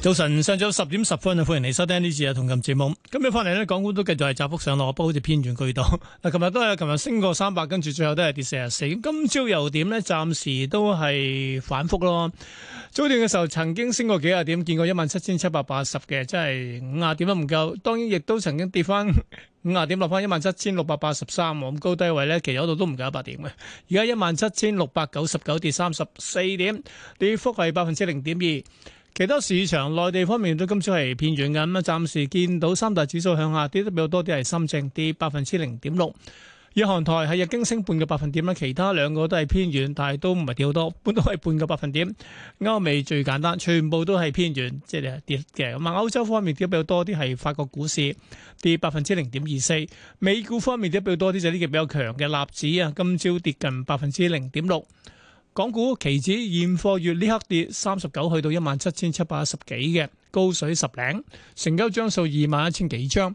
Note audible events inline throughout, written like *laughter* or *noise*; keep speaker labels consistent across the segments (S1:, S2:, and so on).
S1: 早晨，上早十點十分啊！歡迎你收聽呢次啊同琴節目。今日翻嚟呢，港股都繼續係窄幅上落，不過好似偏軟居多。嗱， *laughs* 琴日都係，琴日升過三百，跟住最後都係跌四十四。今朝又點呢？暫時都係反覆咯。早段嘅時候曾經升過幾廿點，見過一萬七千七百八十嘅，即係五啊點都唔夠。當然，亦都曾經跌翻五啊點17，落翻一萬七千六百八十三，咁高低位呢，其實嗰度都唔夠一百點嘅。而家一萬七千六百九十九跌三十四點，跌幅係百分之零點二。其他市場內地方面都今朝係偏軟嘅，咁啊暫時見到三大指數向下跌得比較多啲，係深證跌百分之零點六，日韓台係日經升半個百分點啦，其他兩個都係偏軟，但係都唔係跌好多，都係半個百分點。歐美最簡單，全部都係偏軟，即係跌嘅。咁啊歐洲方面跌得比較多啲係法國股市跌百分之零點二四，美股方面跌得比較多啲就係呢個比較強嘅納指啊，今朝跌近百分之零點六。港股期指現貨月呢刻跌三十九去到一萬七千七百一十幾嘅高水十零，成交張數二萬一千幾張，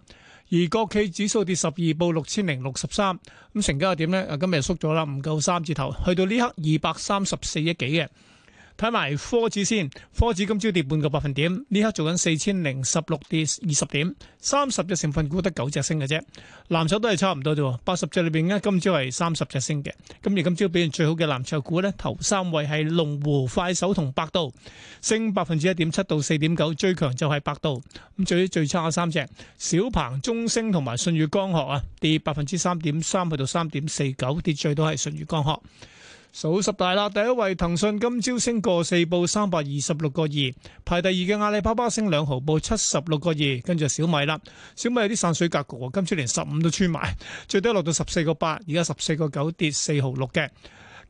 S1: 而國企指數跌十二報六千零六十三，咁成交又點呢？今日縮咗啦，唔夠三字頭，去到呢刻二百三十四億幾嘅。睇埋科指先，科指今朝跌半個百分點，呢刻做緊四千零十六跌二十點，三十隻成分股得九隻升嘅啫。藍籌都係差唔多啫，八十隻裏邊呢，今朝係三十隻升嘅。咁而今朝表現最好嘅藍籌股呢，頭三位係龍湖、快手同百度，升百分之一點七到四點九，9, 最強就係百度。咁最最差三隻，小鵬、中升同埋舜宇光學啊，跌百分之三點三去到三點四九，9, 跌最多係舜宇光學。數十大啦，第一位騰訊今朝升過四報三百二十六個二，排第二嘅阿里巴巴升兩毫，報七十六個二。跟住小米啦，小米有啲散水格局啊，今朝連十五都穿埋，最低落到十四個八，而家十四個九跌四毫六嘅。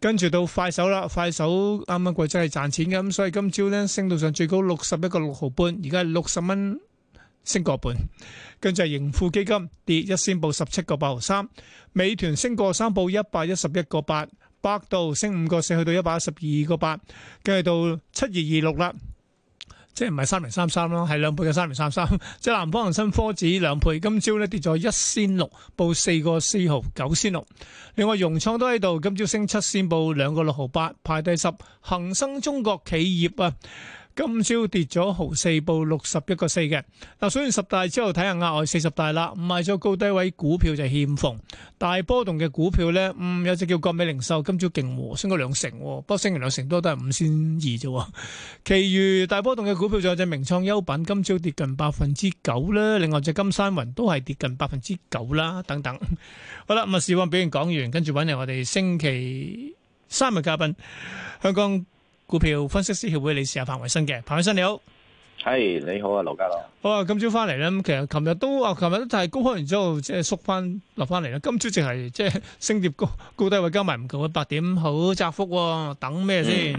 S1: 跟住到快手啦，快手啱啱季真係賺錢嘅，咁所以今朝呢，升到上最高六十一個六毫半，而家係六十蚊升個半。跟住係盈富基金跌一仙報十七個八毫三，美團升過三報一百一十一個八。百度升五個四，去到一百一十二個八，繼續到七二二六啦，即係唔係三零三三咯，係兩倍嘅三零三三。即係南方恒生科指兩倍，今朝咧跌咗一仙六，報四個四毫九仙六。另外融創都喺度，今朝升七仙，報兩個六毫八，排第十。恒生中國企業啊。今朝跌咗毫四，報六十一個四嘅，嗱，數完十大之後，睇下額外四十大啦，賣咗高低位股票就欠奉。大波動嘅股票咧，嗯，有隻叫國美零售，今朝勁升過兩成，不過升完兩成都都係五仙二啫，其餘大波動嘅股票就只名創優品，今朝跌近百分之九啦，另外隻金山雲都係跌近百分之九啦，等等，好啦，咁啊，市況表現講完，跟住搵嚟，我哋星期三嘅嘉賓，香港股票分析師協會理事阿彭偉新嘅，彭偉新你好，
S2: 係你好啊，劉家樂，
S1: 好啊，今朝翻嚟咧。咁其實琴日都啊，琴日都係高開完之後即係縮翻落翻嚟啦。今朝淨係即係升跌高高低位加埋唔夠啊，八點好窄幅喎，等咩先？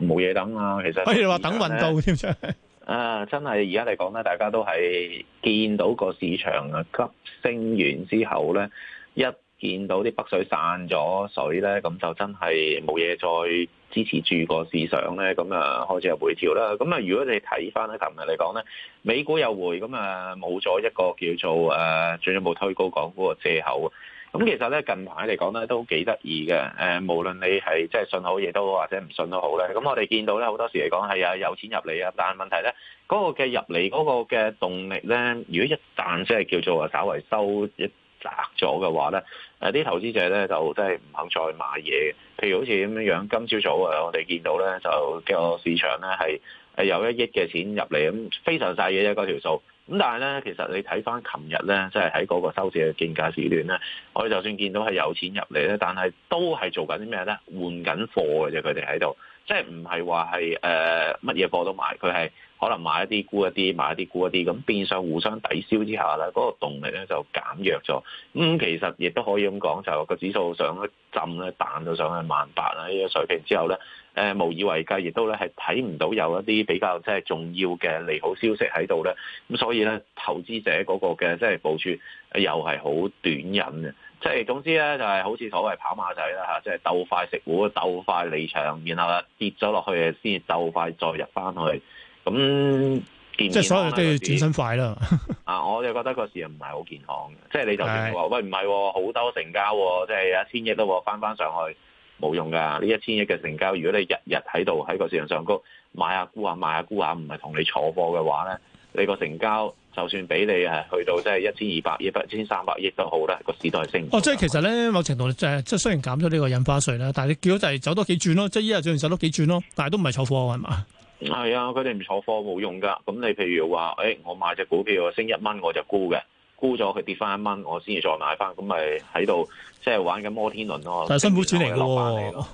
S2: 冇嘢等啊，其實可以話等運到添真係啊，真係而家嚟講咧，大家都係見到個市場啊急升完之後咧，一見到啲北水散咗水咧，咁就真係冇嘢再。支持住個市場咧，咁啊開始有回調啦。咁啊，如果你睇翻咧，琴日嚟講咧，美股又回，咁啊冇咗一個叫做誒，進一步推高港股個藉口？咁其實咧近排嚟講咧都幾得意嘅。誒，無論你係即係信好嘢都好，或者唔信都好咧。咁我哋見到咧好多時嚟講係啊有錢入嚟啊，但係問題咧嗰、嗰個嘅入嚟嗰個嘅動力咧，如果一旦即係叫做啊稍為收一，砸咗嘅話咧，誒啲投資者咧就真係唔肯再買嘢。譬如好似咁樣樣，今朝早啊，我哋見到咧就個市場咧係誒有一億嘅錢入嚟，咁、那個、非常細嘅。啫嗰條數。咁但係咧，其實你睇翻琴日咧，即係喺嗰個收市嘅競價時段咧，我哋就算見到係有錢入嚟咧，但係都係做緊啲咩咧？他們在換緊貨嘅啫，佢哋喺度。即係唔係話係誒乜嘢貨都買，佢係可能買一啲沽一啲，買一啲沽一啲，咁變相互相抵消之下咧，嗰、那個動力咧就減弱咗。咁其實亦都可以咁講，就個指數上一浸咧彈到上去萬八啦呢個水平之後咧，誒、呃、無以為繼，亦都咧係睇唔到有一啲比較即係、就是、重要嘅利好消息喺度咧。咁所以咧，投資者嗰個嘅即係部署又係好短引嘅。即係總之咧，就係好似所謂跑馬仔啦嚇，即、係、鬥快食糊，鬥快離場，然後跌咗落去先鬥快再入翻去，咁
S1: 即係所有都要轉身快啦。
S2: *laughs* 啊，我就覺得個市唔係好健康嘅，即係你就先話是喂唔係、啊、好多成交、啊，即、就、係、是、一千億喎，翻翻上去冇用㗎。呢一千億嘅成交，如果你日日喺度喺個市場上高買一下估啊，賣下估啊，唔係同你坐貨嘅話咧，你個成交。就算俾你誒去到即係一千二百億、一千三百億好都好啦，個市都係升。哦，即係
S1: 其實咧某程度誒，即係雖然減咗呢個印花稅啦，但係你叫佢就係走多幾轉咯，即係依日做完就走多幾轉咯，但係都唔係坐貨係嘛？
S2: 係啊，佢哋唔坐貨冇用㗎。咁你譬如話誒、哎，我買隻股票升一蚊我就沽嘅，沽咗佢跌翻一蚊，我先至再買翻，咁咪喺度即係玩緊摩天輪咯。但係辛苦錢嚟喎。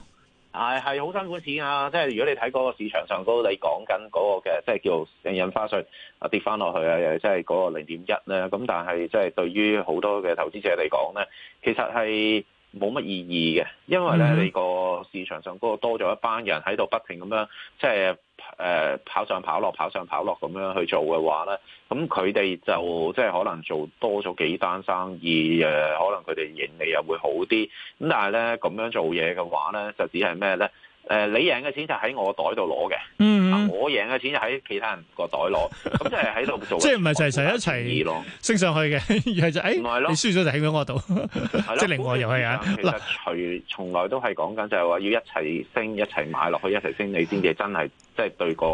S2: 係係好辛苦錢啊！即係如果你睇嗰個市場上高，你講緊嗰個嘅即係叫做印花稅啊跌翻落去啊，又即係嗰個零點一咧。咁但係即係對於好多嘅投資者嚟講咧，其實係。冇乜意義嘅，因為咧、嗯、你個市場上嗰個多咗一班人喺度不停咁樣即係誒跑上跑落跑上跑落咁樣去做嘅話咧，咁佢哋就即係可能做多咗幾單生意，呃、可能佢哋盈利又會好啲。咁但係咧咁樣做嘢嘅話咧，就只係咩咧？誒你贏嘅錢就喺我袋度攞嘅，啊我贏嘅錢就喺其他人個袋攞，咁即係喺度做，即係唔
S1: 係齊齊一齊升上去嘅，而係就誒，你輸咗就喺咗我度，即
S2: 係另外一回事。嗱，除從來都係講緊就係話要一齊升，一齊買落去，一齊升，你先至真係即係對個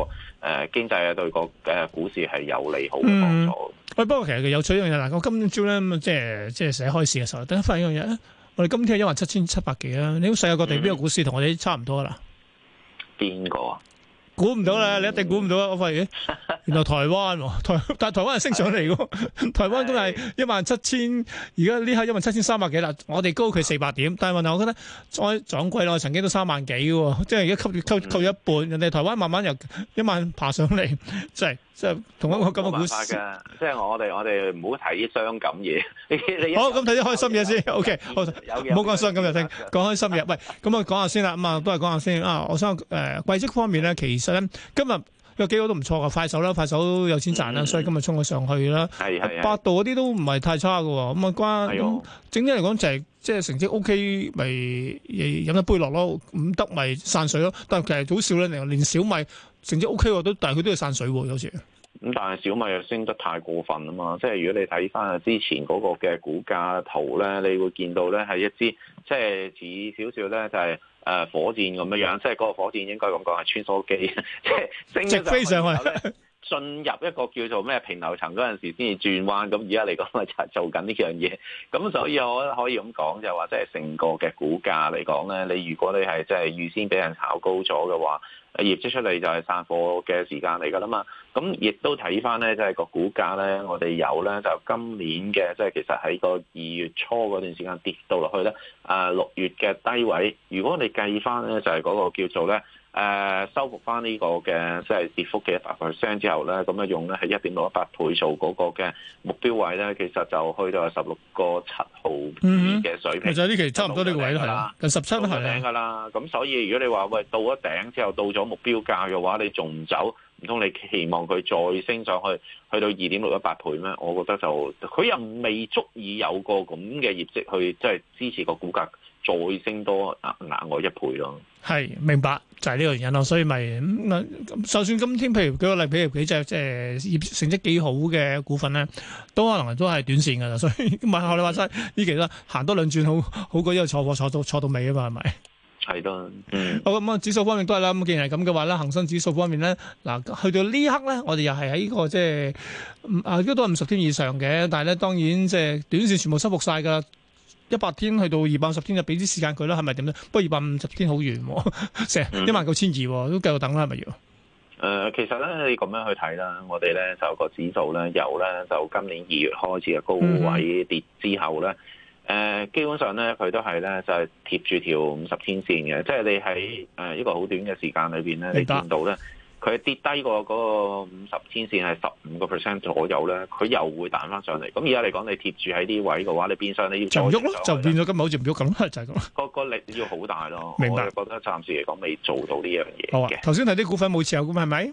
S2: 誒經濟啊，對個誒股市係有利好
S1: 嘅幫助。喂，不過其實有取向嘅嗱，我今朝咧即係即係寫開市嘅時候，等一翻去我嘢。啦。我哋今天係一萬七千七百幾啦，你好世界各地邊個股市同、嗯、我哋差唔多啦？邊個啊？估唔到啦，嗯、你一定估唔到啊！我發現、欸、原來台灣，台但係台灣係升上嚟喎。是台灣都係一萬七千，而家呢刻一萬七千三百幾啦，我哋高佢四百點，但係問題我覺得再掌櫃咯，我我曾經都三萬幾嘅，即係而家吸住吸，吸咗一半，人哋台灣慢慢又一萬爬上嚟，即、就、係、是。即係同一個咁嘅故事。即
S2: 係我哋我哋唔好睇啲傷感嘢。好，咁睇啲開心嘢先。O K，好，唔好講傷感
S1: 嘢，聽講開心嘢。喂，咁我講下先啦。咁啊，都係講下先啊。我想誒，貴金屬方面咧，其實咧，今日。有幾個都唔錯㗎，快手啦，快手都有錢賺啦，嗯、所以今日衝咗上去啦。係啊，百度嗰啲都唔係太差嘅喎。咁啊，關，咁的、嗯、整體嚟講就係即係成績 OK，咪飲一杯落咯。唔得咪散水咯。但係其實好少咧，連小米成績 OK 都，但係佢都要散水喎，有時。
S2: 咁但係小米又升得太過分啊嘛！即係如果你睇返之前嗰個嘅股價圖咧，你會見到咧係一支即係似少少咧就係、是。誒，火箭咁樣樣，即係嗰個火箭應該咁講係穿梭機，即 *laughs* 係升飛上去咧， *laughs* 進入一個叫做咩平流層嗰陣時先至轉彎。咁而家嚟講咧就係做緊呢幾樣嘢，咁所以我可以咁講，就話即係成個嘅股價嚟講咧，你如果你係即係預先俾人炒高咗嘅話。業績出嚟就係散貨嘅時間嚟㗎啦嘛，咁亦都睇翻咧，即係個股價咧，我哋有咧就今年嘅，即係其實喺個二月初嗰段時間跌到落去咧，啊六月嘅低位，如果我哋計翻咧，就係嗰個叫做咧。誒，收復翻呢個嘅即係跌幅嘅一百 percent 之後咧，咁啊用咧係一點六一八倍做嗰個嘅目標位咧，其實就去到十六個七毫嘅水平，其實呢期
S1: 差唔多呢個位啦，近十七都係
S2: 頂㗎啦。咁所以如果你話喂到咗頂之後到咗目標價嘅話，你仲唔走？唔通你期望佢再升上去，去到二點六一八倍咩？我覺得就佢又未足以有個咁嘅業績去即係支持個股價。再升多額額外一倍
S1: 咯，係明白就係、是、呢個原因咯，所以咪就，、嗯嗯、就算今天譬如舉個例，譬如幾隻即係業成績幾好嘅股份咧，都可能都係短線㗎啦，所以問下你話齋，依、嗯、期啦行多兩轉好，好好過依個坐貨坐到坐到尾啊嘛，係咪？
S3: 係啦，
S1: 嗯、好咁啊，嗯嗯、指數方面都係啦，咁既然係咁嘅話咧，恒生指數方面咧，嗱去到一刻呢刻咧，我哋又係喺呢個即係啊，都都係五十天以上嘅，但係咧當然即係短線全部收復曬㗎。一百天去到二百五十天就俾啲時間佢啦，係咪點樣？不過二百五十天好遠、啊，成一萬九千二都繼續等啦、啊，係咪要？誒、嗯，
S2: 其實咧，你咁樣去睇啦，我哋咧就個指數咧，由咧就今年二月開始嘅高位跌之後咧，誒、呃、基本上咧佢都係咧就係、是、貼住條五十天線嘅，即係你喺誒一個好短嘅時間裏邊咧，你見到咧。佢跌低過個嗰個五十天線係十五個 percent 左右咧，佢又會彈翻上嚟。咁而家嚟講，你貼住喺啲位嘅話，你變相你要再喐，就，就，就
S1: 變咗今日好似唔喐咁就係咁。
S2: 個個力要好大咯，明白，我覺得暫時嚟講未做到呢樣嘢
S1: 嘅。頭先睇啲股份冇持有咁係咪？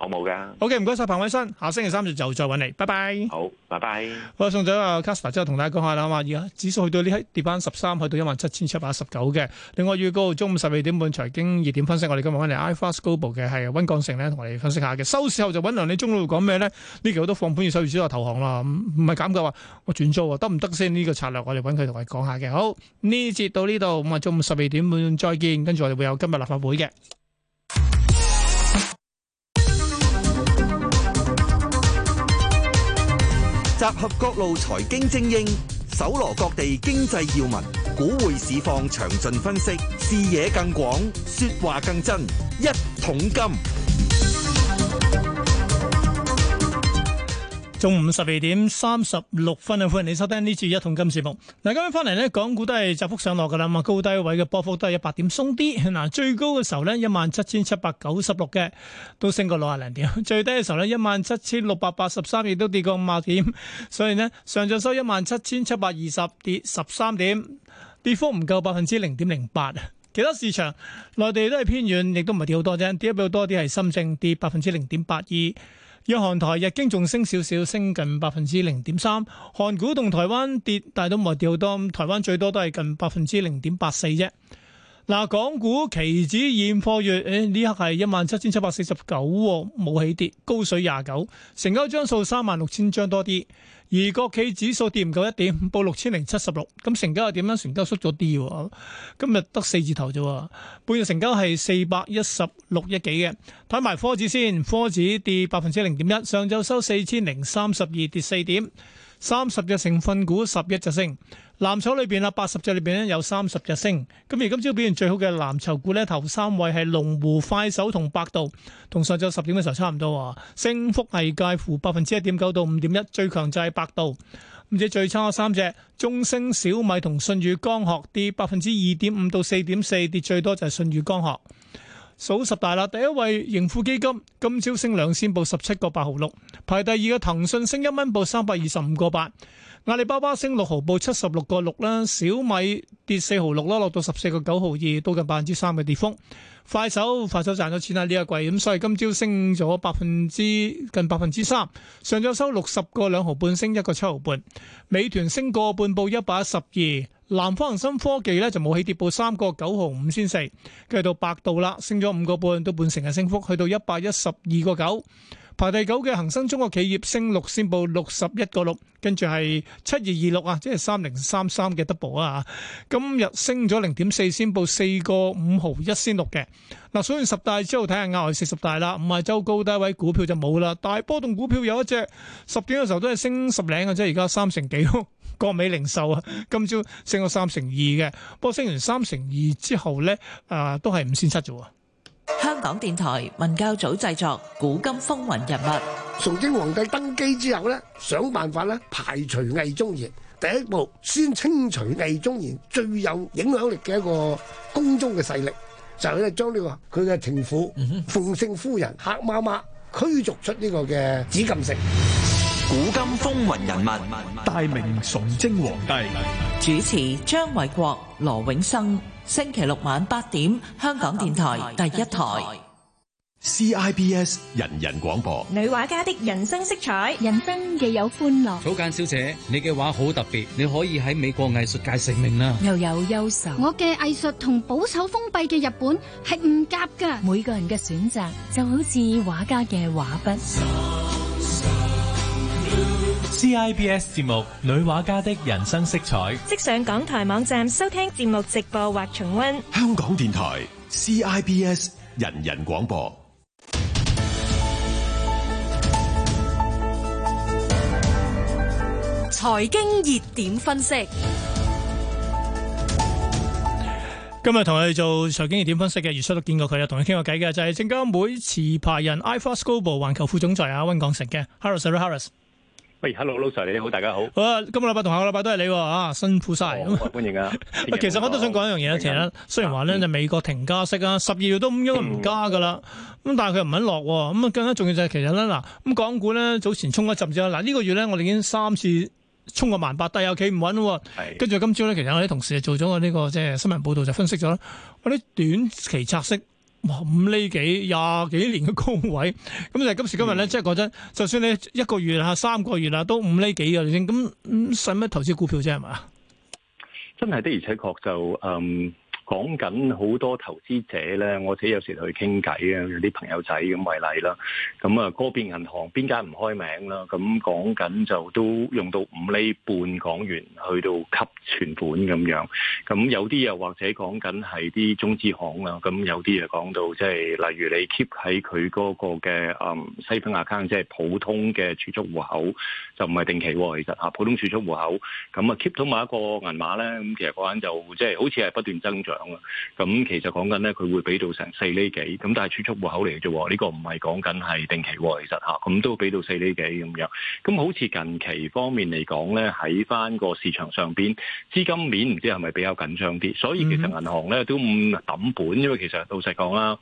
S1: 好冇㗎。好嘅，唔該晒彭偉新，下星期三就就再揾你，拜拜。好，拜拜。好送走阿 Kasper 之後，同大家講下啦。咁啊，而家指數去到呢起跌翻十三，去到一萬七千七百一十九嘅。另外，預告中午十二點半財經熱點分析，我哋今日返嚟 IFAS Global 嘅係温鋼城咧，同我哋分析下嘅。收市後就揾梁李中路講咩咧？呢期好多放盤要收市之後投降啦，唔唔係減價嘅話，我轉租啊，得唔得先？呢個策略我哋揾佢同我哋講下嘅。好，呢節到呢度，咁啊，中午十二點半再見，跟住我哋會有今日立法會嘅。
S2: 集合各路財經精英，搜羅各地經濟要聞，股匯市況詳盡分析，視野更廣，說話更真，一桶金。
S1: 中午十二點三十六分啊！歡迎你收聽呢次一桶金節目。嗱，今日翻嚟咧，港股都係窄幅上落噶啦，咁高低位嘅波幅都係一百點鬆啲。嗱，最高嘅時候呢，一萬七千七百九十六嘅，都升過六十零點；最低嘅時候呢，一萬七千六百八十三亦都跌過五十點。所以呢，上晝收一萬七千七百二十，跌十三點，跌幅唔夠百分之零點零八啊。其他市場，內地都係偏遠，亦都唔係跌好多啫。跌得比較多啲係深證跌百分之零點八二。日韓台，日經仲升少少，升近百分之零點三。韓股同台灣跌，但係都冇跌好多。台灣最多都係近百分之零點八四啫。嗱，港股期指現貨月，誒、哎、呢刻係一萬七千七百四十九，冇起跌，高水廿九，成交張數三萬六千張多啲。而國企指數跌唔夠一點，報六千零七十六，咁成交又點啊？成交縮咗啲喎，今日得四字頭咋喎？半日成交係四百一十六億幾嘅。睇埋科指先，科指跌百分之零點一，上晝收四千零三十二，跌四點，三十隻成分股十一隻升。藍籌裏邊啊，八十隻裏邊咧有三十隻升，咁而今朝表現最好嘅藍籌股咧，頭三位係龍湖、快手同百度，同上晝十點嘅時候差唔多啊，升幅係介乎百分之一點九到五點一，最強就係百度。唔知最差嘅三隻，中升、小米同信宇光學跌百分之二點五到四點四，跌最多就係信宇光學。數十大啦，第一位盈富基金，今朝升兩仙報十七個八毫六，排第二嘅騰訊升一蚊報三百二十五個八。阿里巴巴升六毫，報七十六個六啦；小米跌四毫六啦，落到十四個九毫二，都近百分之三嘅跌幅。快手快手賺咗錢啦，呢個季咁所以今朝升咗百分之近百分之三，上晝收六十個兩毫半，升一個七毫半。美團升個半，報一百一十二。南方恒生科技咧就冇起跌，報三個九毫五先四，跟到百度啦，升咗五個半，到半成嘅升幅，去到一百一十二個九。排第九嘅恒生中國企業升六仙半，報六十一個六，跟住係七二二六啊，即係三零三三嘅 double 啊！今日升咗零點四仙，報四個五毫一仙六嘅。嗱，數完十大之後睇下額外四十大啦，唔係周高低位股票就冇啦。大波動股票有一隻，十點嘅時候都係升十零嘅啫，而家三成幾。國美零售啊，今朝升咗三成二嘅，不過升完三成二之後咧，啊都係五仙七啫。
S2: 香港電台文教組製作《古
S1: 今風雲人物》。崇禎皇帝登基之後呢，想辦法呢，排除魏忠賢。第一步先清除魏忠賢最有影響力嘅一個宮中嘅勢力，就係將呢個佢嘅情婦奉聖夫人黑媽媽驅逐出呢個嘅紫禁城。
S2: 《古今風雲人物》大明崇禎皇帝主持張偉國、羅永生。星期六晚
S3: 八點，香港電台第一台 CIBS 人人廣播。
S2: 女畫家的人生色彩，人生既有歡樂。草
S3: 間小姐，你嘅畫
S2: 好特別，你可以喺美國藝術界成名啦。又有憂愁，我嘅藝術同保
S3: 守封閉嘅日本係唔夾㗎。每個人嘅選擇就好似畫家嘅畫筆。CIBS 節目《女畫家的人生色彩》，
S2: 即上港台網站收聽節目直播或重溫。
S3: 香港電台 CIBS 人人廣播，財經
S2: 熱點分析。
S1: 今日同佢做財經熱點分析嘅，月初都見過佢，有同佢傾過偈嘅，就係、是、證監會持牌人 i f o n Scoble 環球副總裁阿溫廣成嘅 Harris Harris。Harris, Harris Hey, hello，老 Sir 你好，好大家好。好啊，今個禮拜同下個禮拜都係你啊，辛苦晒、哦。歡迎啊！ *laughs* 其實我都想講一樣嘢，其實呢，雖然話咧就美國停加息啊，十二月都應該唔加噶啦。咁哪但係佢唔肯落咁啊，更加重要就係其實呢，嗱，咁港股咧早前衝一集之後，嗱、這、呢個月咧我哋已經三次衝過萬八，但又企唔穩喎。跟住的今朝咧，其實我啲同事就做咗個呢個即係、這個、新聞報道就分析咗我啲短期拆息。哇！五厘幾廿幾年嘅高位，咁就今時今日咧，嗯、即係覺得就算你一個月啊、三個月啊，都五厘幾啊，你先咁使乜投資股票啫？係嘛？
S3: 真係的而且確就嗯。講緊好多投資者咧，我睇有時去佢傾偈啊，有啲朋友仔咁為例啦。咁啊，嗰個邊銀行邊間唔開名啦。咁講緊就都用到五厘半港元去到吸存款咁樣。咁有啲又或者講緊係啲中資行啊。咁有啲又講到即係、就是、例如你 keep 喺佢嗰個嘅、嗯、西本 account 即係普通嘅儲蓄戶口，就唔、是、係定期喎。其實普通儲蓄戶口，咁啊 keep 到埋一個銀碼咧，咁其實個人就即係、就是、好似係不斷增長。咁其實講緊咧，佢會俾到成四厘幾，咁但係儲蓄戶口嚟嘅啫喎，呢個唔係講緊係定期喎，其實吓，咁都俾到四厘幾咁樣，咁好似近期方面嚟講咧，喺翻個市場上邊資金面唔知係咪比較緊張啲，所以其實銀行咧都唔抌本，因為其實老實講啦。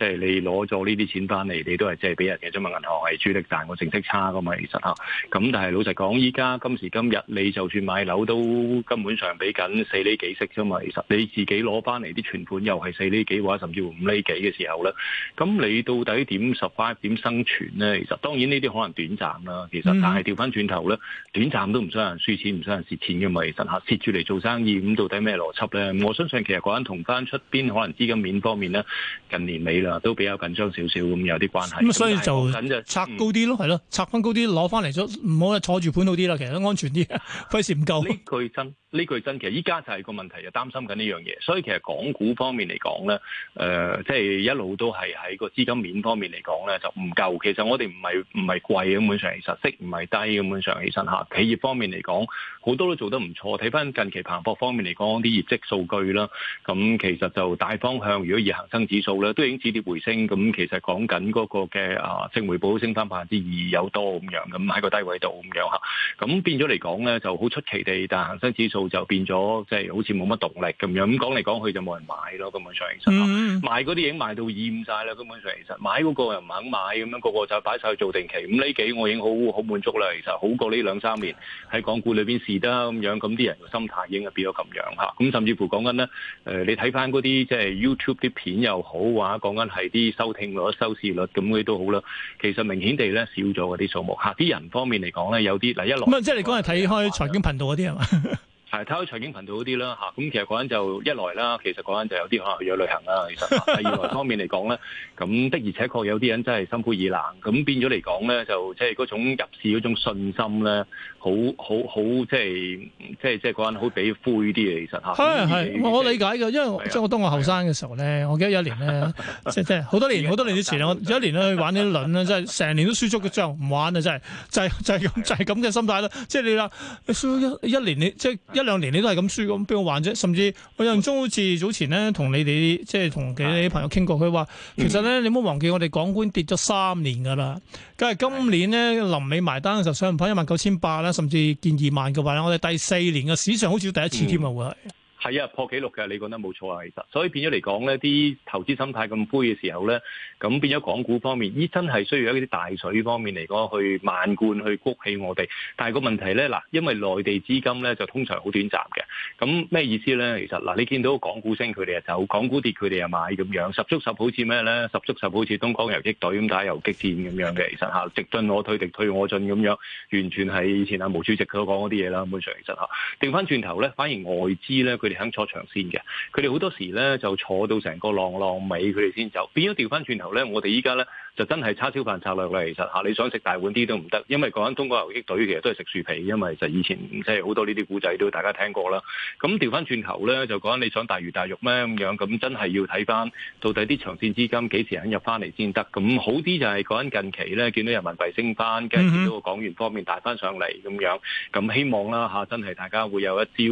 S3: 即係你攞咗呢啲錢翻嚟，你都係借俾人嘅啫嘛。銀行係主力但我成績差噶嘛，其實咁但係老實講，依家今時今日，你就算買樓，算買樓都根本上俾緊四厘幾息啫嘛。其實你自己攞翻嚟啲存款又係四厘幾或者甚至乎五厘幾嘅時候咧，咁你到底點 survive 點生存呢？其實當然呢啲可能短暫啦。其實、嗯、但係調翻轉頭咧，短暫都唔想人輸錢，唔想人蝕錢嘅嘛。其實嚇蝕住嚟做生意，咁到底咩邏輯咧？我相信其實講同翻出邊可能資金面方面咧，近年尾都比較緊張少少咁，有啲關係。咁所以就拆高
S1: 啲咯，係咯、嗯，拆翻高啲攞翻嚟咗，唔好啊，坐住盤好啲啦，其實都安全啲，
S3: 費事唔夠。呢句真，其實依家就係個問題，就擔心緊呢樣嘢。所以其實港股方面嚟講咧，誒、呃，即、就、係、是、一路都係喺個資金面方面嚟講咧，就唔夠。其實我哋唔係唔係貴咁本上，其實息唔係低咁本上起身嚇。企業方面嚟講，好多都做得唔錯。睇翻近期彭博方面嚟講啲業績數據啦，咁其實就大方向，如果以恒生指數咧，都已經止跌回升。咁其實講緊嗰個嘅啊正回報升翻百分之二有多咁樣咁喺個低位度咁樣咁變咗嚟講咧，就好出奇地，但係恒生指數。就變咗，即、就、係、是、好似冇乜動力咁樣。咁講嚟講去就冇人買咯，根本上其實、嗯、買嗰啲已經買到厭晒啦，根本上其實買嗰個又唔肯買咁樣，個個就擺晒去做定期。五厘幾我已經好好滿足啦，其實好過呢兩三年喺港股裏邊試得。咁樣。咁啲人嘅心態已經係變咗咁樣吓。咁甚至乎講緊咧，誒、呃，你睇翻嗰啲即係 YouTube 啲片又好話，講緊係啲收聽率、收視率咁啲都好啦。其實明顯地咧少咗嗰啲數目吓。啲人方面嚟講咧，有啲嗱一落即
S1: 係你睇開財經頻道啲係嘛？
S3: 係睇開財經頻道嗰啲啦嚇，咁其實嗰陣就一來啦，其實嗰陣就有啲可能去咗旅行啦。其實第二來方面嚟講咧，咁的而且確有啲人真係心灰意冷，咁變咗嚟講咧，就即係嗰種入市嗰種信心咧。好好好，即係即係即係嗰陣好比灰啲嘅，其實嚇。係係，我理
S1: 解嘅，因為、啊、即係我當我後生嘅時候咧，我記得有一年咧， *laughs* 即係好多年好多年之前， *laughs* 我有一年呢去玩啲輪咧，即係成年都輸足嘅之後，唔玩啊！真係就係、是、就係、是、咁是的 就係咁嘅心態啦。即係你話輸一一年你即係一,一,一,一兩年你都係咁輸咁，邊個玩啫？甚至我印象中好似早前咧，同你哋即係同其啲朋友傾過，佢話是的 其實咧、嗯、你唔好忘記我哋港股跌咗三年㗎啦，梗係今年咧臨是的 尾埋單嘅時候上唔翻一萬九千八啦。甚至見二萬嘅話咧，我哋第四年嘅史上好似第一次添啊，會係、嗯。
S3: 係啊，破紀錄嘅，你講得冇錯啊！其實，所以變咗嚟講呢啲投資心態咁灰嘅時候呢，咁變咗港股方面，依真係需要喺啲大水方面嚟講去漫灌去谷起我哋。但係個問題呢，嗱，因為內地資金呢，就通常好短暫嘅。咁咩意思呢？其實嗱，你見到港股升佢哋就走，港股跌佢哋又買咁樣，十足十好似咩呢？十足十好似東江遊擊隊咁打遊擊戰咁樣嘅。其實嚇，敵進我退敵，敵退我進咁樣，完全係以前阿毛主席佢講嗰啲嘢啦。基本上其實嚇，調翻轉頭呢，反而外資呢。佢。嚟響坐場先嘅，佢哋好多時咧就坐到成個浪浪尾，佢哋先走。變咗調翻轉頭咧，我哋依家咧。就真係叉燒飯策略啦，其實嚇你想食大碗啲都唔得，因為講緊中國游擊隊其實都係食樹皮，因為就以前即係好多呢啲古仔都大家聽過啦。咁調翻轉頭咧，就講緊你想大魚大肉咩咁樣？咁真係要睇翻到底啲長線資金幾時肯入翻嚟先得。咁好啲就係講緊近期咧，見到人民幣升翻，跟住都個港元方面大翻上嚟咁樣。咁希望啦、嚇、真係大家會有一招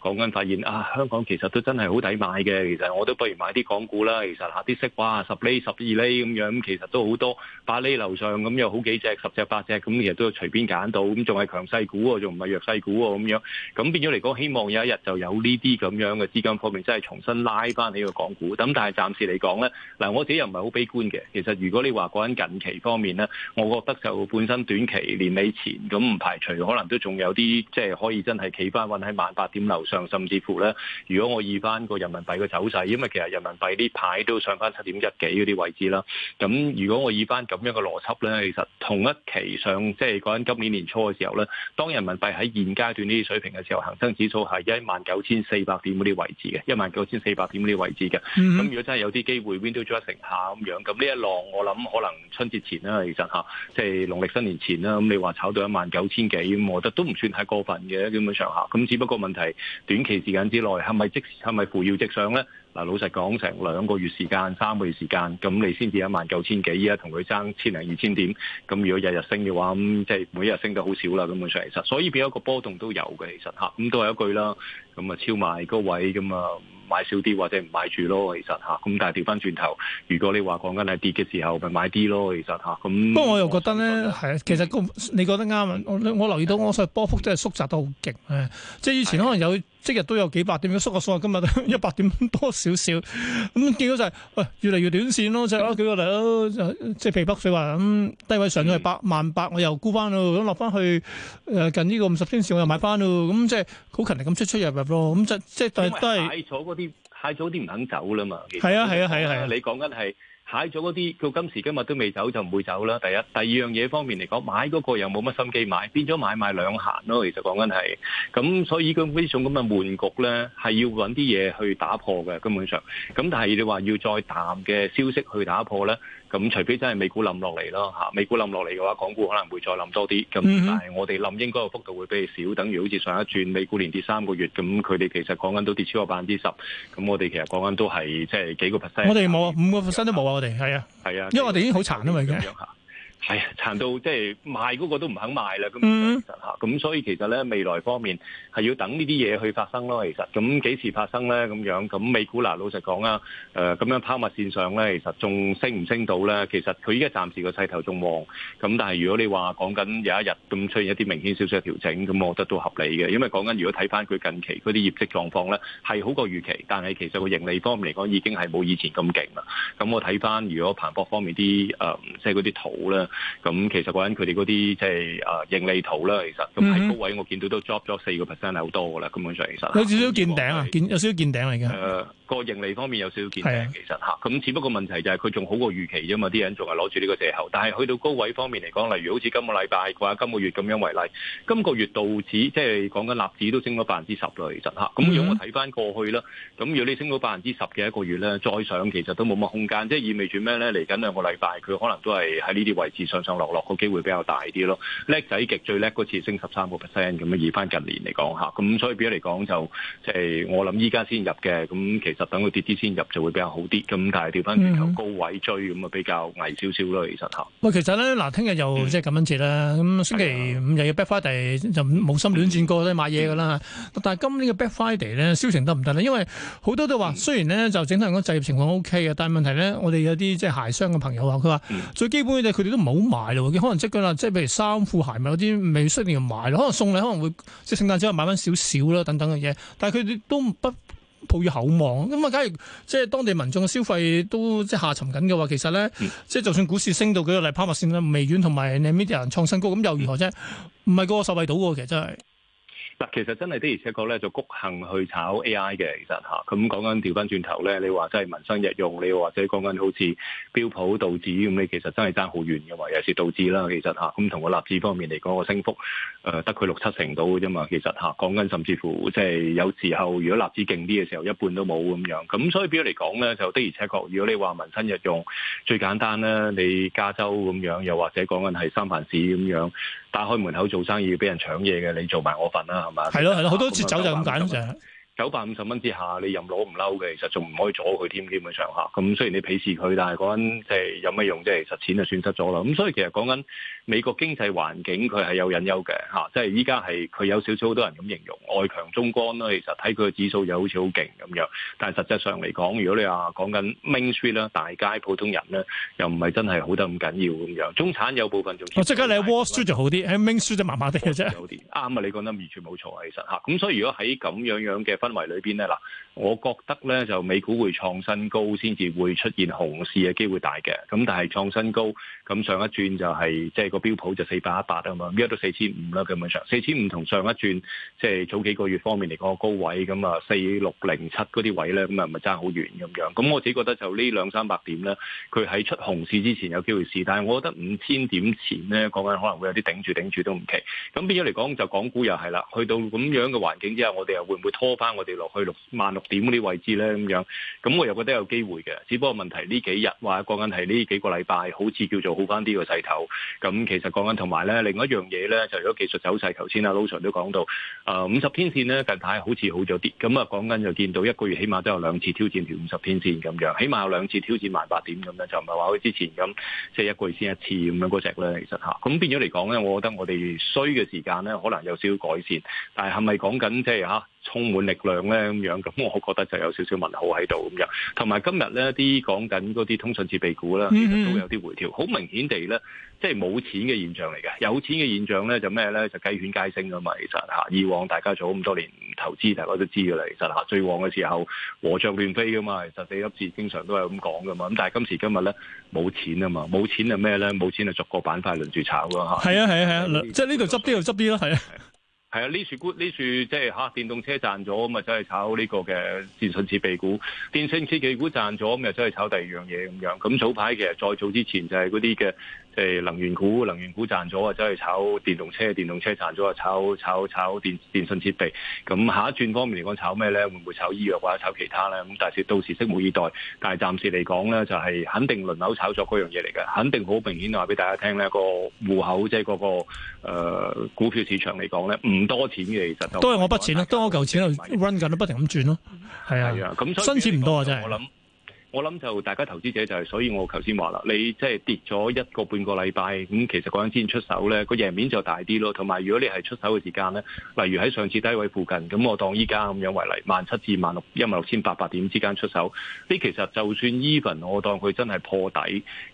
S3: 講緊，發現啊香港其實都真係好抵買嘅。其實我都不如買啲港股啦。其實下啲息哇十厘十二厘咁樣，其實都～好多八厘樓上咁，有好幾隻、十隻八隻咁，其實都隨便揀到，咁仲係強勢股仲唔係弱勢股咁樣，咁變咗嚟講，希望有一日就有呢啲咁樣嘅資金方面，真係重新拉翻起個港股。咁、嗯、但係暫時嚟講呢，嗱我自己又唔係好悲觀嘅。其實如果你話講緊近期方面呢，我覺得就本身短期年尾前咁，唔、嗯、排除可能都仲有啲即係可以真係企翻穩喺萬八點樓上，甚至乎呢，如果我預翻個人民幣嘅走勢，因為其實人民幣呢排都上翻七點一幾嗰啲位置啦。咁、嗯、如果如果我以翻咁樣嘅邏輯咧，其實同一期上，即係講緊今年年初嘅時候咧，當人民幣喺現階段呢啲水平嘅時候，恒生指數係一萬九千四百點嗰啲位置嘅，一萬九千四百點嗰啲位置嘅。咁、mm hmm. 如果真係有啲機會 window 咗一成下咁樣，咁呢一浪我諗可能春節前啦，其實吓，即係農曆新年前啦。咁你話炒到一萬九千幾，我覺得都唔算太過分嘅基本上吓。咁只不過問題短期時間之內係咪即係係咪扶搖直上咧？嗱，老實講，成兩個月時間、三個月時間，咁你先至一萬九千幾，依家同佢爭千零二千點，咁如果日日升嘅話，咁即係每一日升得好少啦，咁本上其實所以變咗個波動都有嘅，其實吓，咁，啊，都係一句啦。咁啊，超賣嗰位咁啊，買少啲或者唔買住咯，其實吓，咁但係調翻轉頭，如果你話講緊係跌嘅時候，咪買啲咯，其實吓，咁不過
S1: 我又覺得咧，係想的其實個你覺得啱啊。我我留意到我所波幅真係縮窄到好勁，即係、就是、以前可能有即日都有幾百點咁縮落，縮紮紮紮今日一百點多少少。咁見到就係、是、喂、哎，越嚟越短線咯，即係啊，幾個嚟啊，即係被北水話咁、嗯、低位上咗去百的萬八，我又沽翻咯，咁落翻去誒近呢個五十天線我又買翻咯，咁即係好勤力咁出出入入。咯，咁即即但係都係蟹
S3: 咗嗰啲，蟹咗啲唔肯走啦嘛。其實係，係啊，係啊，係啊，係啊。你講緊係蟹咗嗰啲，到今時今日都未走就唔會走啦。第一，第二樣嘢方面嚟講，買嗰個又冇乜心機買，變咗買賣兩閒咯。其實講緊係，咁所以佢呢種咁嘅悶局咧，係要揾啲嘢去打破嘅。根本上。咁但係你話要再淡嘅消息去打破咧？咁除非真係美股冧落嚟咯吓，美股冧落嚟嘅話，港股可能會再冧多啲。咁、嗯、但係我哋冧應該個幅度會比你少，等於好似上一轉美股連跌三個月，咁佢哋其實講緊都跌超過百分之十。咁我哋其實講緊都係即係幾個 percent。我哋
S1: 冇啊，五個 percent 都冇啊，我哋係啊，
S3: 係啊，因為我哋
S1: 已經好殘啊嘛而家。樣
S3: *laughs* 係啊，殘、到即係賣嗰個都唔肯賣啦，咁咁、嗯、所以其實咧未來方面係要等呢啲嘢去發生咯，其實咁幾時發生咧？咁樣咁美股嗱，老實講啊，誒、呃、咁樣拋物線上咧，其實仲升唔升到咧？其實佢依家暫時個勢頭仲旺，咁但係如果你話講緊有一日咁出現一啲明顯少少嘅調整，咁我覺得都合理嘅，因為講緊如果睇翻佢近期嗰啲業績狀況咧，係好過預期，但係其實個盈利方面嚟講已經係冇以前咁勁啦。咁我睇翻如果彭博方面啲誒，即係嗰啲圖咧。咁其實講緊佢哋嗰啲即係誒盈利圖啦，其實咁喺高位，我見到都 drop 咗四個 percent 係好多噶啦，根本上其實有少少
S1: 見頂啊，而是見有少少見頂嚟嘅。誒、呃，
S3: 個盈利方面有少少見頂，其實吓。咁的只不過問題就係佢仲好過預期啫嘛，啲人仲係攞住呢個借口。但係去到高位方面嚟講，例如好似今個禮拜或者今個月咁樣為例，今個月道指即係講緊納指都升咗百分之十啦，其實吓。咁如果我睇翻過去啦，咁如果你升咗百分之十嘅一個月咧，再上其實都冇乜空間，即係意味住咩咧？嚟緊兩個禮拜佢可能都係喺呢啲位。自上上落落個機會比較大啲咯，叻仔極最叻嗰次升十三個 percent 咁樣，以翻近年嚟講嚇，咁所以變咗嚟講就即係我諗依家先入嘅，咁其實等佢跌啲先入就會比較好啲，咁但係掉翻全球高位追咁啊比較危少少咯，其實嚇。
S1: 喂，其實咧嗱，聽日又即係咁樣節啦，咁星期五又要 Black Friday 就冇心戀戰過都買嘢噶啦嚇，但係今年嘅 Black Friday 咧銷情得唔得咧？因為好多都話雖然咧就整體嚟講製造情況 OK 嘅，但係問題咧我哋有啲即係鞋商嘅朋友話，佢話最基本嘅佢哋都。冇買咯，佢可能即係嗱，即係譬如衫褲鞋襪嗰啲未出年就買咯，可能送禮可能會即係聖誕節買翻少少啦，等等嘅嘢。但係佢哋都不抱於厚望，咁啊，假如即係當地民眾嘅消費都即係下沉緊嘅話，其實咧，即係、嗯、就算股市升到嗰個拋物線啦，微軟同埋 Nvidia 創新高，咁又如何啫？唔係、嗯、個個受惠到嘅，其實真係。
S3: 其實真係的而且確咧，就谷行去炒 AI 嘅，其實嚇。咁講緊調翻轉頭咧，你話真係民生日用，你又或者講緊好似標普道指咁，那你其實真係爭好遠嘅嘛。尤其是道指啦，其實嚇咁同個納指方面嚟講，個升幅得佢、呃、六七成到嘅啫嘛。其實講緊甚至乎即係有時候，如果納指勁啲嘅時候，一半都冇咁樣。咁所以比嚟講咧，就的而且確，如果你話民生日用最簡單咧，你加州咁樣，又或者講緊係三藩市咁樣，打開門口做生意俾人搶嘢嘅，你做埋我份啦。係咯，係咯，好多次走
S1: 就咁揀就。嗯嗯嗯嗯。
S3: 九百五十蚊之下，你任攞唔嬲嘅，其實仲唔可以阻佢添，基本上，吓。咁雖然你鄙視佢，但係講緊即係有咩用？即係其實錢就損失咗啦。咁所以其實講緊美國經濟環境，佢係有隱憂嘅嚇。即係依家係佢有少少好多人咁形容外強中乾啦。其實睇佢嘅指數又好似好勁咁樣，但係實際上嚟講，如果你話講緊 Main Street 啦，大街普通人咧，又唔係真係好得咁緊要咁樣。中產有部分仲、
S1: 啊、即刻你喺 Wall Street 就好啲，喺、啊、Main Street 就麻麻地嘅啫。
S3: 好啲啱啊！你講得完全冇錯啊！其實嚇咁，所以如果喺咁樣樣嘅。範圍裏邊咧，嗱，我覺得咧就美股會創新高先至會出現熊市嘅機會大嘅，咁但係創新高，咁上一轉就係即係個標普就四百一八啊嘛，而家都四千五啦咁樣上，四千五同上一轉即係早幾個月方面嚟講個高位咁啊四六零七嗰啲位咧，咁啊唔係爭好遠咁樣，咁我自己覺得就呢兩三百點咧，佢喺出熊市之前有機會試，但係我覺得五千點前咧講緊可能會有啲頂住頂住都唔奇，咁變咗嚟講就港股又係啦，去到咁樣嘅環境之下，我哋又會唔會拖返？我哋落去六萬六點嗰啲位置咧，咁樣，咁我又覺得有機會嘅。只不過問題呢幾日話講緊係呢幾個禮拜，好似叫做好翻啲個勢頭。咁其實講緊同埋咧，另一樣嘢咧，就如果技術走勢，頭先啦，l a 都講到，五、呃、十天線呃，五十天線咧近排好似好咗啲。咁啊講緊就見到一個月起碼都有兩次挑戰條五十天線咁樣，起碼有兩次挑戰萬八點咁樣，就唔係話好似之前咁即係一個月先一次咁樣嗰隻咧。其實下咁變咗嚟講咧，我覺得我哋衰嘅時間咧，可能有少少改善，但係係咪講緊即係充滿力量咧咁樣，咁我覺得就有少少問號喺度咁樣。同埋今日咧啲講緊嗰啲通訊設備股啦，其實都有啲回調，好明顯地咧，即係冇錢嘅現象嚟嘅。有錢嘅現象咧就咩咧？就雞犬皆升噶嘛。其實嚇，以往大家做咁多年投資，大家都知㗎啦。其實嚇最旺嘅時候，和雀亂飛噶嘛。其實地級字經常都係咁講噶嘛。咁但係今時今日咧冇錢啊嘛，冇錢就咩咧？冇錢就逐個板塊輪住炒咯嚇。係啊
S1: 係啊係啊，即係呢度執啲，就執啲咯，係
S2: 啊。
S3: 係啊，呢樹呢樹即係嚇電動車賺咗，咁啊真係炒呢個嘅電信設備股。電信設備股賺咗，咁又真係炒第二樣嘢咁樣。咁早排其實再早之前就係嗰啲嘅誒能源股，能源股賺咗啊，真係炒電動車，電動車賺咗啊，炒炒炒電電信設備。咁下一轉方面嚟講，炒咩咧？會唔會炒醫藥或者炒其他咧？咁但係到時拭目以待。但係暫時嚟講咧，就係肯定輪流炒作嗰樣嘢嚟嘅。肯定好明顯話俾大家聽咧。嗰個戶口即係嗰個、呃、股票市場嚟講咧，唔～多錢
S1: 嘅其實都都係我筆錢咯，我舊錢咯，run 緊都不停咁轉咯，係是啊，咁新錢唔多啊，真係的。我
S3: 我諗就大家投資者就係、是，所以我頭先話啦，你即係跌咗一個半個禮拜，咁、嗯、其實嗰陣先出手咧，個贏面就大啲咯。同埋如果你係出手嘅時間咧，例如喺上次低位附近，咁我當依家咁樣為例，萬七至萬六一萬六千八百點之間出手，呢其實就算 even，我當佢真係破底，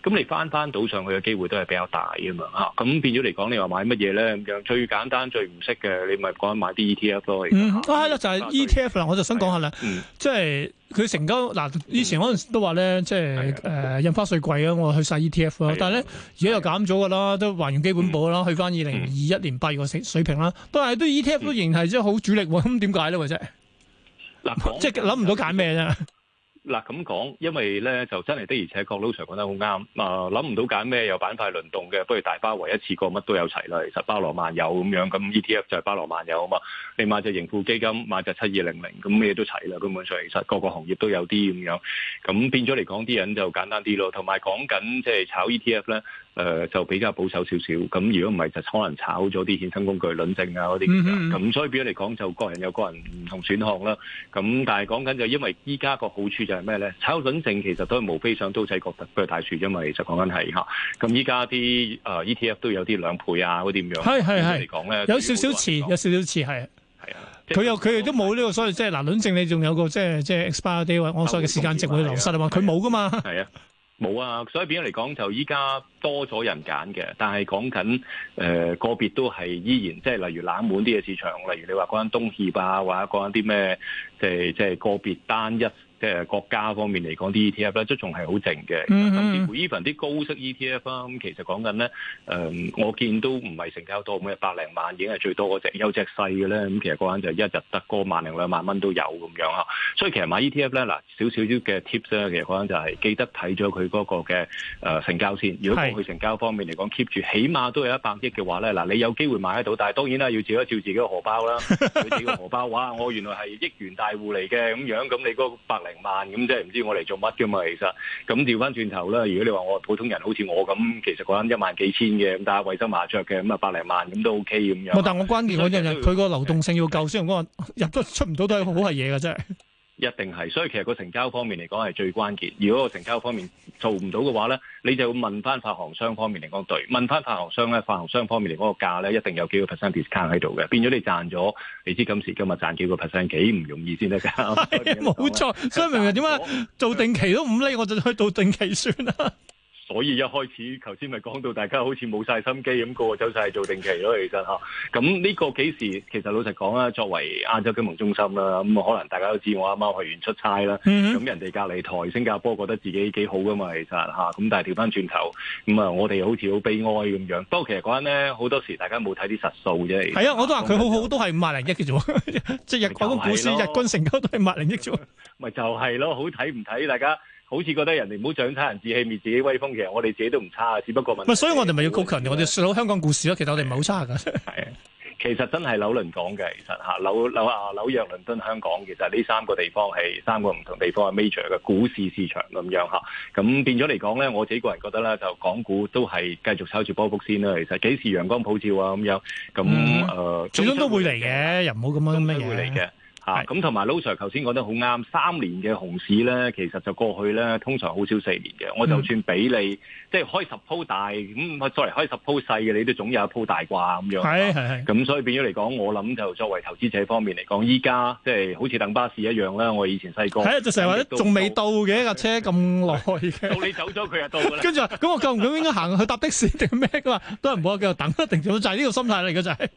S3: 咁你翻翻到上去嘅機會都係比較大嘅嘛。咁、啊、變咗嚟講，你話買乜嘢咧？咁樣最簡單最唔識嘅，你咪講買啲 ETF 咯。嗯，
S1: 係啦在，嗯、就係 ETF 啦，對我就想講下啦，即係、嗯就是佢成交嗱，以前嗰陣時都話咧，即係誒印花稅貴啊，我去晒 E T F 啊，但係咧，而家又減咗噶啦，都還原基本步啦，嗯、去翻二零二一年低個水水平啦。嗯、但係對 E T F 都仍然係即係好主力喎，咁點解咧？或者，
S3: 即係
S1: 諗唔到揀咩啫。
S3: 嗱咁講，因為咧就真係的，的 Sir 得，而且確，老 Sir 講得好啱。啊，諗唔到揀咩，有板塊輪動嘅，不如大包圍一次過，乜都有齊啦。其實包羅萬有咁樣，咁 ETF 就係包羅萬有啊嘛。你買隻盈富基金，買隻七二零零，咁咩都齊啦。根本上其實各個行業都有啲咁樣。咁變咗嚟講，啲人就簡單啲咯。同埋講緊即係炒 ETF 咧。誒就比較保守少少，咁如果唔係就可能炒咗啲衍生工具、輪證啊嗰啲咁，所以比較嚟講就個人有個人唔同選項啦。咁但係講緊就因為依家個好處就係咩咧？炒輪證其實都無非想刀仔鋸大樹，因為就講緊係嚇。咁依家啲 ETF 都有啲兩倍啊嗰啲咁樣，係係係嚟講咧，有少少似，
S1: 有少少似係啊。佢又佢哋都冇呢個，所以即係嗱輪證你仲有個即係即係 expiry 啲話，我所有嘅時間值會流失啊嘛。佢冇噶嘛。
S3: 係啊。冇啊，所以變咗嚟講，就依家多咗人揀嘅。但係講緊誒個別都係依然，即係例如冷門啲嘅市場，例如你話講緊東協啊，或者講緊啲咩？即係即係個別單一即係、就是、國家方面嚟講啲 ETF 咧，都仲係好靜嘅。Hmm. 甚至乎 even 啲高息 ETF 啦，咁其實講緊咧，誒、嗯，我見都唔係成交多，咁百零萬已經係最多嗰隻，有隻細嘅咧。咁其實嗰陣就一日得個萬零兩萬蚊都有咁樣。所以其實買 ETF 咧，嗱少少嘅 tips 咧，其實嗰陣就係記得睇咗佢嗰個嘅成交先。如果佢成交方面嚟講 keep 住，起碼都有一百億嘅話咧，嗱你有機會買得到。但係當然啦，要照一照自己個荷包啦，佢自己個荷包，哇！我原來係億元大。大戶嚟嘅咁樣，咁你嗰百零萬咁，即係唔知我嚟做乜嘅嘛？其實，咁調返轉頭啦。如果你話我普通人，好似我咁，其實講緊一萬幾千嘅，咁但係衛生麻雀嘅，咁啊百零萬咁都 OK 咁樣。但係我關鍵嗰陣
S1: 嘢，佢個流動性要夠先，雖然我入都出唔到都係好係嘢㗎，真係。 *laughs*
S3: 一定係，所以其實個成交方面嚟講係最關鍵。如果個成交方面做唔到嘅話咧，你就要問翻發行商方面嚟講對，問翻發行商咧，發行商方面嚟講個價咧，一定有幾個 percent discount 喺度嘅。變咗你賺咗，你知今時今日賺幾個 percent 幾唔容易先得㗎。
S1: 冇錯、啊，所以明明點解？做定期都唔理，我就去做定期算啦。
S3: 所以一開始，頭先咪講到大家好似冇晒心機咁，個個走晒做定期咯。其實吓，咁呢個幾時？其實老實講啦，作為亞洲金融中心啦，咁啊，可能大家都知我啱啱去完出差啦，咁、嗯嗯、人哋隔離台新加坡覺得自己幾好噶嘛，其實吓，咁但係調翻轉頭，咁啊，我哋好似好悲哀咁樣。不過其實嗰陣咧，好多時大家冇睇啲實數啫。係啊，我都話佢好好都多
S1: 多，都係五萬零億嘅啫，
S3: 即係日本股市日
S1: 均成交都係萬零億啫，
S3: 咪就係、是、咯，好睇唔睇大家？好似覺得人哋，唔好長他人志氣，滅自己威風，其實我哋自己都唔差啊，只不過問題。所以我哋咪要告
S1: 強？的我哋講好香港故事咯，其實我哋唔係好差噶。啊，
S3: 其實真係紐倫港嘅，其實嚇紐紐啊，紐約、倫敦、香港，其實呢三個地方係三個唔同地方係 major 嘅股市市場咁樣嚇。咁變咗嚟講咧，我自己個人覺得啦，就港股都係繼續炒住波幅先啦。其實幾時陽光普照啊咁樣咁嗯呃，最終都會嚟嘅，又唔好咁樣咩會嚟嘅。咁同埋 Lo Sir 頭先講得好啱，三年嘅熊市咧，其實就過去咧，通常好少四年嘅。我就算俾你，即係開十鋪大，咁再嚟開十鋪細嘅，你都總有一鋪大啩咁樣。係係係。咁所以變咗嚟講，我諗就作為投資者方面嚟講，依家即係好似等巴士一樣啦。我以前細個係啊，就成日話仲未
S1: 到嘅架車咁耐嘅。到你走咗佢就到啦。 *laughs* 跟住話，咁我夠唔夠應該行， *laughs* 行去搭的士定咩？佢話都唔好喺度等，定住就係呢個心態嚟嘅就係。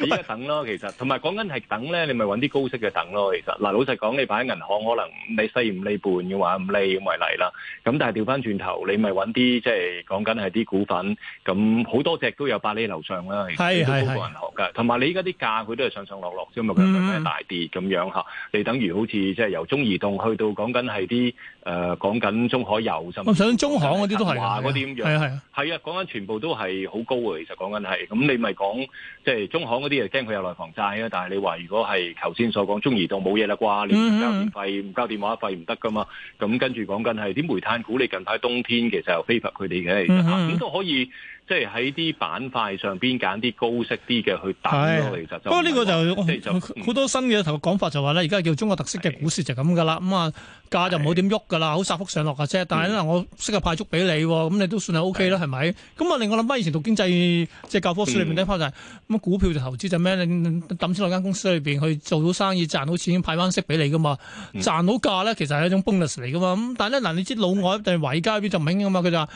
S3: 依家等咯，其實同埋講緊係等咧，你咪揾啲高息嘅等咯。其實嗱，老實講，你擺喺銀行可能你四厘、五厘半嘅話，五厘咁為例啦。咁但係調翻轉頭，你咪揾啲即係講緊係啲股份，咁好多隻都有八厘樓上啦。係係係，都高過銀行噶。同埋你依家啲價，佢都係上上落落啫嘛，今日大跌咁樣吓。你等於好似即係由中移動去到講緊係啲誒，講緊中海油。甚至
S1: 中行嗰啲都係，係啊，係啊，
S3: 係啊，講緊全部都係好高嘅。其實講緊係咁，你咪講即係中行。嗰啲又驚佢有內房債啊！但係你話如果係頭先所講中移動冇嘢啦啩？你唔交電費唔 *music* 交電話費唔得噶嘛？咁跟住講緊係啲煤炭股，你近排冬天其實又非伏佢哋嘅，咁、啊、都可以。即係喺啲板塊上邊揀啲高息啲嘅去等咯。其實，不過呢個就好、是、
S1: 多新嘅頭講法，就話咧，而家叫中國特色嘅股市就咁噶啦。咁啊價就冇點喐噶啦，好殺幅上落架啫。是但係咧，嗯、我識嘅派足俾你，咁你都算係 OK 啦，係咪是？咁啊，令我諗翻以前讀經濟即係教科書裏邊啲翻就係、是、咁、嗯嗯嗯、股票就投資就咩？你抌錢落間公司裏邊去做到生意賺到錢派翻息俾你噶嘛？賺到價咧，其實係一種 bonus 嚟噶嘛。咁但係咧嗱，你知老外一定維嘉嗰邊就唔興噶嘛？佢就話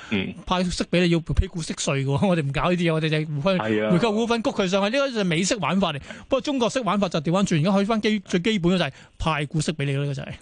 S1: 派息俾你要俾股息稅。 *laughs* 我哋唔搞呢啲嘢，我哋就係啊，回扣股份，谷佢上去呢個就美式玩法嚟。不過中國式玩法就調翻轉，而家去翻基最基本嘅就係派股息俾你咯。呢個就
S3: 係、是，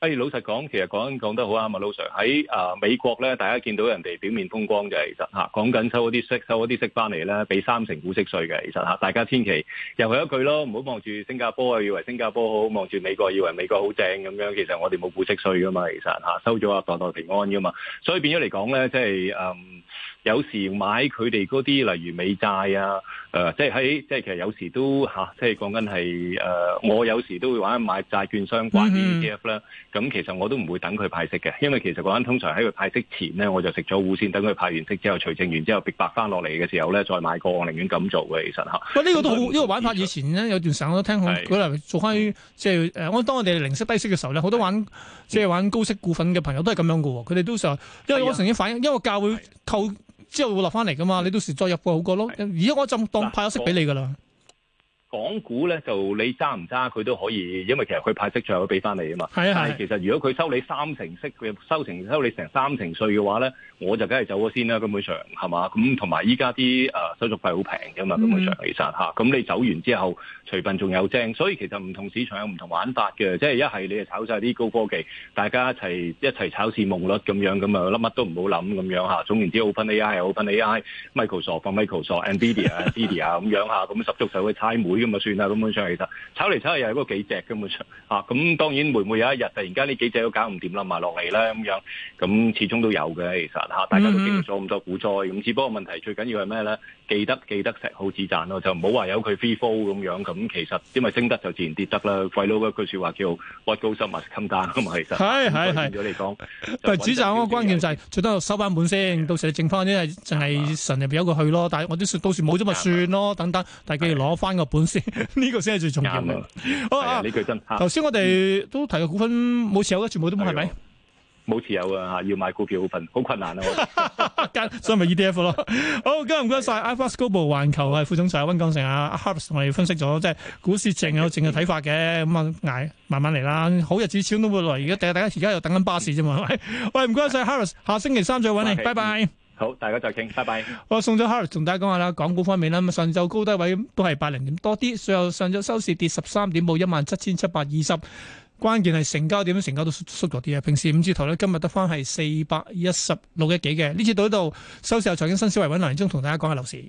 S3: 哎，老實講，其實講講得好啱啊，老 Sir。喺、呃、啊美國咧，大家見到人哋表面風光就係，其實吓講緊收一啲息，收一啲息翻嚟咧，俾三成股息稅嘅。其實吓、啊，大家千祈又係一句咯，唔好望住新加坡以為新加坡好，望住美國以為美國好正咁樣。其實我哋冇股息稅噶嘛，其實吓收咗啊，袋袋平安噶嘛，所以變咗嚟講咧，即係嗯。有時買佢哋嗰啲，例如美債啊，誒、呃，即係喺，即係其實有時都嚇、啊，即係講緊係誒，我有時都會玩買債券相關啲 ETF 啦、嗯嗯。咁其實我都唔會等佢派息嘅，因為其實嗰陣通常喺佢派息前咧，我就食咗糊先，等佢派完息之後除淨完之後，逼白翻落嚟嘅時候咧，再買過，我寧願咁做嘅，其實嚇。
S1: 喂、啊，呢個都好，呢 *laughs* 個玩法以前咧有段時間我都聽好。佢嚟是做翻、就是，即係誒，我、呃、當我哋零息低息嘅時候咧，好是多玩即係、就是、玩高息股份嘅朋友都係咁樣嘅喎，佢哋都想，因為我曾經反映，哎、呀因為價會扣。之後會落返嚟㗎嘛？你到時再入過好過咯。而家是的 我就當派咗息俾你㗎啦。
S3: 港股咧就你揸唔揸佢都可以，因為其實佢派息最後都俾翻你啊嘛。係啊，但係其實如果佢收你三成息，佢收成收你成三成稅嘅話咧，我就梗係走咗先啦。根本上係嘛？咁同埋依家啲誒手續費好平嘅嘛，根本上其實嚇。咁、嗯啊、你走完之後，餘份仲有正，所以其實唔同市場有唔同玩法嘅。即係一係你就炒晒啲高科技，大家一齊一齊炒市夢率咁樣咁啊，乜都唔好諗咁樣嚇。總言之，Open AI、Open AI、Microsoft, Microsoft, Nvidia, Nvidia, *laughs* Microsoft、Microsoft、Nvidia、Nvidia 啊咁樣嚇，咁十足就去猜每。咁就算啦，根本上其實炒嚟炒去又嗰幾隻根本上嚇，咁、啊嗯、當然會唔會有一日突然間呢幾隻都搞唔掂冧埋落嚟啦咁樣，咁始終都有嘅其實嚇，大家都經歷咗咁多股災，咁只不過問題最緊要係咩咧？記得記得食好止賺咯，就唔好話有佢 free fall 咁樣，咁其實因為升得就自然跌得啦。鬼佬嗰句説話叫 What goes up must come down 咁嘛，其實係係係。對你講，但係止賺
S1: 嘅關鍵就係、是、最多收翻本先，到時淨翻因為就係神入邊有個去咯。但係我都到時冇咗咪算咯，等等，但係記住攞翻個本。呢 *laughs* 個先係最重要啊！呢、嗯啊
S3: 啊、句真。頭先我哋
S1: 都提過股份冇持有嘅，全部都冇係咪？
S3: 冇的吧持有啊！嚇，要買股票好困，好
S1: 困難啊！ *laughs* *laughs* 所以咪 E T F 咯。好，今日唔該晒。iShares Global 環球係副總裁温江成啊，Harris 同我哋分析咗即係股市剩有剩嘅睇法嘅，咁啊捱慢慢嚟啦。好日子始終都沒來，而家第大家而家又等緊巴士啫嘛，哎、係咪？喂，唔該晒。Harris 下星期三再揾你，拜拜。拜拜拜拜。
S3: 好，大家再傾，拜
S1: 拜。我送咗 Charles 同大家講下啦，港股方面啦，咁上晝高低位都係八零點多啲，最後上晝收市跌十三點，報一萬七千七百二十。關鍵係成交點，成交都縮咗啲啊。平時五字頭咧，今日得翻係四百一十六億幾嘅，呢次到呢度收市。財經新聞維穩，梁振中同大家講下樓市。